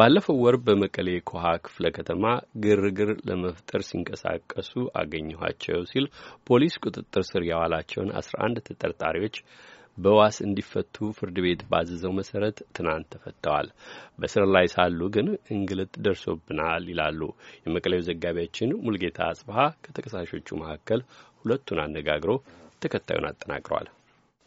ባለፈው ወር በመቀሌ ኮሃ ክፍለ ከተማ ግርግር ለመፍጠር ሲንቀሳቀሱ አገኘኋቸው ሲል ፖሊስ ቁጥጥር ስር ያዋላቸውን አስራ አንድ ተጠርጣሪዎች በዋስ እንዲፈቱ ፍርድ ቤት ባዘዘው መሰረት ትናንት ተፈተዋል። በስር ላይ ሳሉ ግን እንግልት ደርሶብናል ይላሉ የመቀሌው ዘጋቢያችን ሙልጌታ አጽብሀ ከተከሳሾቹ መካከል ሁለቱን አነጋግሮ ተከታዩን አጠናቅረዋል።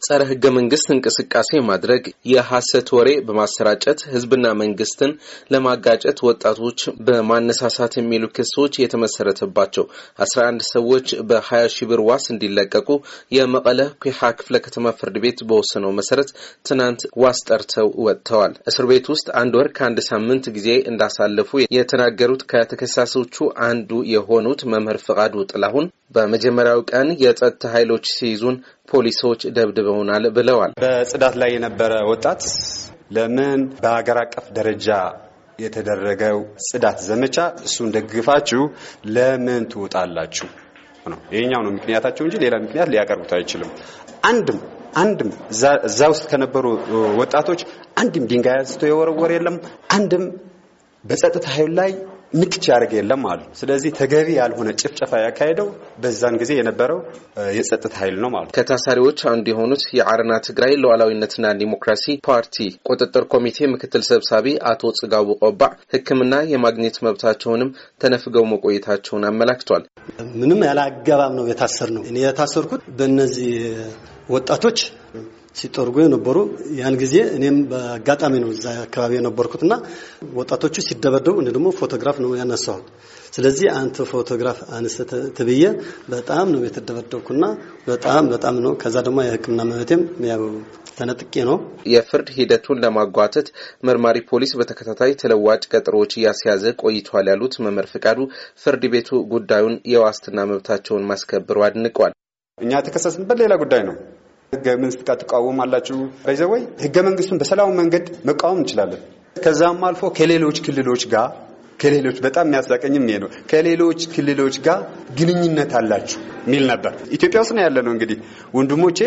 ጸረ ህገ መንግስት እንቅስቃሴ ማድረግ፣ የሐሰት ወሬ በማሰራጨት ህዝብና መንግስትን ለማጋጨት ወጣቶች በማነሳሳት የሚሉ ክሶች የተመሰረተባቸው አስራ አንድ ሰዎች በ20 ሺህ ብር ዋስ እንዲለቀቁ የመቀለ ኩሓ ክፍለ ከተማ ፍርድ ቤት በወሰነው መሰረት ትናንት ዋስ ጠርተው ወጥተዋል። እስር ቤት ውስጥ አንድ ወር ከአንድ ሳምንት ጊዜ እንዳሳለፉ የተናገሩት ከተከሳሾቹ አንዱ የሆኑት መምህር ፍቃዱ ጥላሁን በመጀመሪያው ቀን የጸጥታ ኃይሎች ሲይዙን ፖሊሶች ደብድበውናል ብለዋል። በጽዳት ላይ የነበረ ወጣት ለምን በሀገር አቀፍ ደረጃ የተደረገው ጽዳት ዘመቻ እሱን ደግፋችሁ ለምን ትወጣላችሁ ነው ይሄኛው ነው ምክንያታቸው እንጂ ሌላ ምክንያት ሊያቀርቡት አይችልም። አንድም አንድም እዛ ውስጥ ከነበሩ ወጣቶች አንድም ድንጋይ አንስቶ የወረወር የለም። አንድም በጸጥታ ኃይል ላይ ንክች ያደርግ የለም አሉ። ስለዚህ ተገቢ ያልሆነ ጭፍጨፋ ያካሄደው በዛን ጊዜ የነበረው የጸጥታ ኃይል ነው ማለት። ከታሳሪዎች አንዱ የሆኑት የአረና ትግራይ ሉዓላዊነትና ዲሞክራሲ ፓርቲ ቁጥጥር ኮሚቴ ምክትል ሰብሳቢ አቶ ጽጋቡ ቆባዕ ሕክምና የማግኘት መብታቸውንም ተነፍገው መቆየታቸውን አመላክቷል። ምንም ያለ አገባብ ነው የታሰርነው። የታሰርኩት በእነዚህ ወጣቶች ሲጠርጉ የነበሩ ያን ጊዜ እኔም በአጋጣሚ ነው እዛ አካባቢ የነበርኩትና ወጣቶቹ ሲደበደቡ እኔ ደግሞ ፎቶግራፍ ነው ያነሳሁት። ስለዚህ አንተ ፎቶግራፍ አንስተ ትብዬ በጣም ነው የተደበደብኩና በጣም በጣም ነው። ከዛ ደግሞ የሕክምና መብቴም ያው ተነጥቄ ነው። የፍርድ ሂደቱን ለማጓተት መርማሪ ፖሊስ በተከታታይ ተለዋጭ ቀጠሮዎች እያስያዘ ቆይቷል ያሉት መምህር ፍቃዱ ፍርድ ቤቱ ጉዳዩን የዋስትና መብታቸውን ማስከበሩ አድንቋል። እኛ የተከሰስንበት ሌላ ጉዳይ ነው። ህገ መንግስት ጋር ትቃወማላችሁ ባይዘወይ ህገ መንግስቱን በሰላም መንገድ መቃወም እንችላለን። ከዛም አልፎ ከሌሎች ክልሎች ጋር ከሌሎች በጣም የሚያሳቀኝም ይሄ ነው። ከሌሎች ክልሎች ጋር ግንኙነት አላችሁ ሚል ነበር። ኢትዮጵያ ውስጥ ነው ያለ ነው እንግዲህ ወንድሞቼ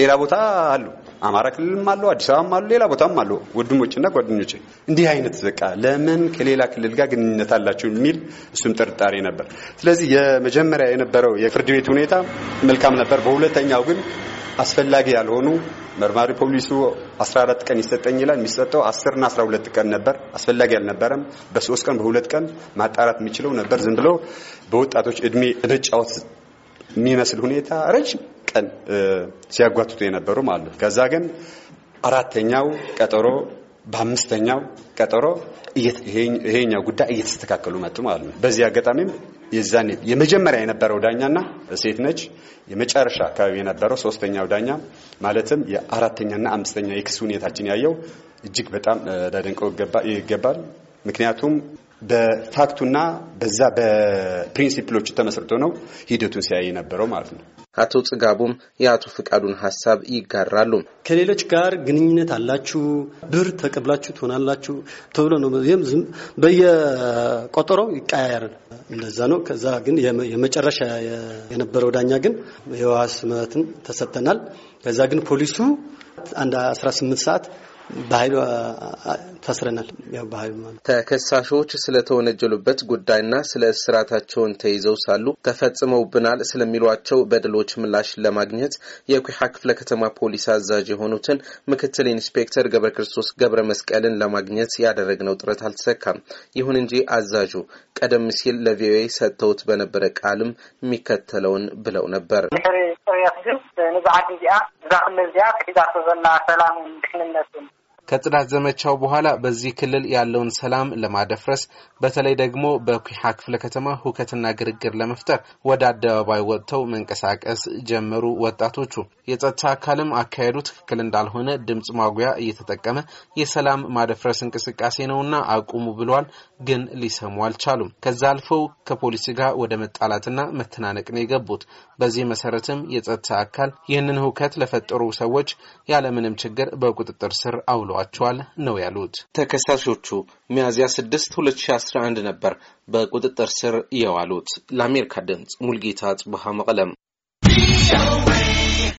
ሌላ ቦታ አሉ፣ አማራ ክልልም አሉ፣ አዲስ አበባም አሉ፣ ሌላ ቦታም አሉ ወንድሞችና ጓደኞቼ። እንዲህ አይነት በቃ ለምን ከሌላ ክልል ጋር ግንኙነት አላችሁ የሚል እሱም ጥርጣሬ ነበር። ስለዚህ የመጀመሪያ የነበረው የፍርድ ቤት ሁኔታ መልካም ነበር። በሁለተኛው ግን አስፈላጊ ያልሆኑ መርማሪ ፖሊሱ 14 ቀን ይሰጠኝ ይላል። የሚሰጠው 10 እና 12 ቀን ነበር። አስፈላጊ አልነበረም። በሶስት ቀን በሁለት ቀን ማጣራት የሚችለው ነበር። ዝም ብሎ በወጣቶች እድሜ መጫወት የሚመስል ሁኔታ ረጅም ቀን ሲያጓትቱ የነበሩ ማለት ነው። ከዛ ግን አራተኛው ቀጠሮ በአምስተኛው ቀጠሮ ይሄኛው ጉዳይ እየተስተካከሉ መጡ ማለት ነው። በዚህ አጋጣሚም የዛኔ የመጀመሪያ የነበረው ዳኛና ሴት ነች። የመጨረሻ አካባቢ የነበረው ሶስተኛው ዳኛ ማለትም የአራተኛና አምስተኛ የክስ ሁኔታችን ያየው እጅግ በጣም ላደንቀው ይገባል። ምክንያቱም በፋክቱና በዛ በፕሪንሲፕሎቹ ተመስርቶ ነው ሂደቱን ሲያይ ነበረው ማለት ነው። አቶ ጽጋቡም የአቶ ፍቃዱን ሀሳብ ይጋራሉ። ከሌሎች ጋር ግንኙነት አላችሁ፣ ብር ተቀብላችሁ ትሆናላችሁ ተብሎ ነው። ይህም ዝም በየቆጠሮው ይቀያያራል፣ እንደዛ ነው። ከዛ ግን የመጨረሻ የነበረው ዳኛ ግን የዋስ መብትን ተሰጥተናል። ከዛ ግን ፖሊሱ አንድ 18 ሰዓት በኃይሉ ታስረናል። ያው በኃይሉ ማለት ተከሳሾች ስለተወነጀሉበት ጉዳይና ስለ እስራታቸውን ተይዘው ሳሉ ተፈጽመውብናል ስለሚሏቸው በድሎች ምላሽ ለማግኘት የኩሓ ክፍለ ከተማ ፖሊስ አዛዥ የሆኑትን ምክትል ኢንስፔክተር ገብረ ክርስቶስ ገብረ መስቀልን ለማግኘት ያደረግነው ጥረት አልተሰካም። ይሁን እንጂ አዛዡ ቀደም ሲል ለቪኦኤ ሰጥተውት በነበረ ቃልም የሚከተለውን ብለው ነበር። ንድሕሪ ፅርየት ግን ንዚ ዓዲ እዚኣ እዛ ክልል እዚኣ ክሒዛቶ ዘና ሰላምን ድሕንነትን ከጽዳት ዘመቻው በኋላ በዚህ ክልል ያለውን ሰላም ለማደፍረስ በተለይ ደግሞ በኩሓ ክፍለ ከተማ ሁከትና ግርግር ለመፍጠር ወደ አደባባይ ወጥተው መንቀሳቀስ ጀመሩ ወጣቶቹ። የጸጥታ አካልም አካሄዱ ትክክል እንዳልሆነ ድምፅ ማጉያ እየተጠቀመ የሰላም ማደፍረስ እንቅስቃሴ ነውና አቁሙ ብሏል። ግን ሊሰሙ አልቻሉም። ከዛ አልፈው ከፖሊስ ጋር ወደ መጣላትና መተናነቅ ነው የገቡት። በዚህ መሰረትም የጸጥታ አካል ይህንን ሁከት ለፈጠሩ ሰዎች ያለምንም ችግር በቁጥጥር ስር አውሏል። ይዘዋቸዋል ነው ያሉት። ተከሳሾቹ ሚያዝያ 6 2011 ነበር በቁጥጥር ስር የዋሉት። ለአሜሪካ ድምፅ ሙልጌታ ጽቡሃ መቀለም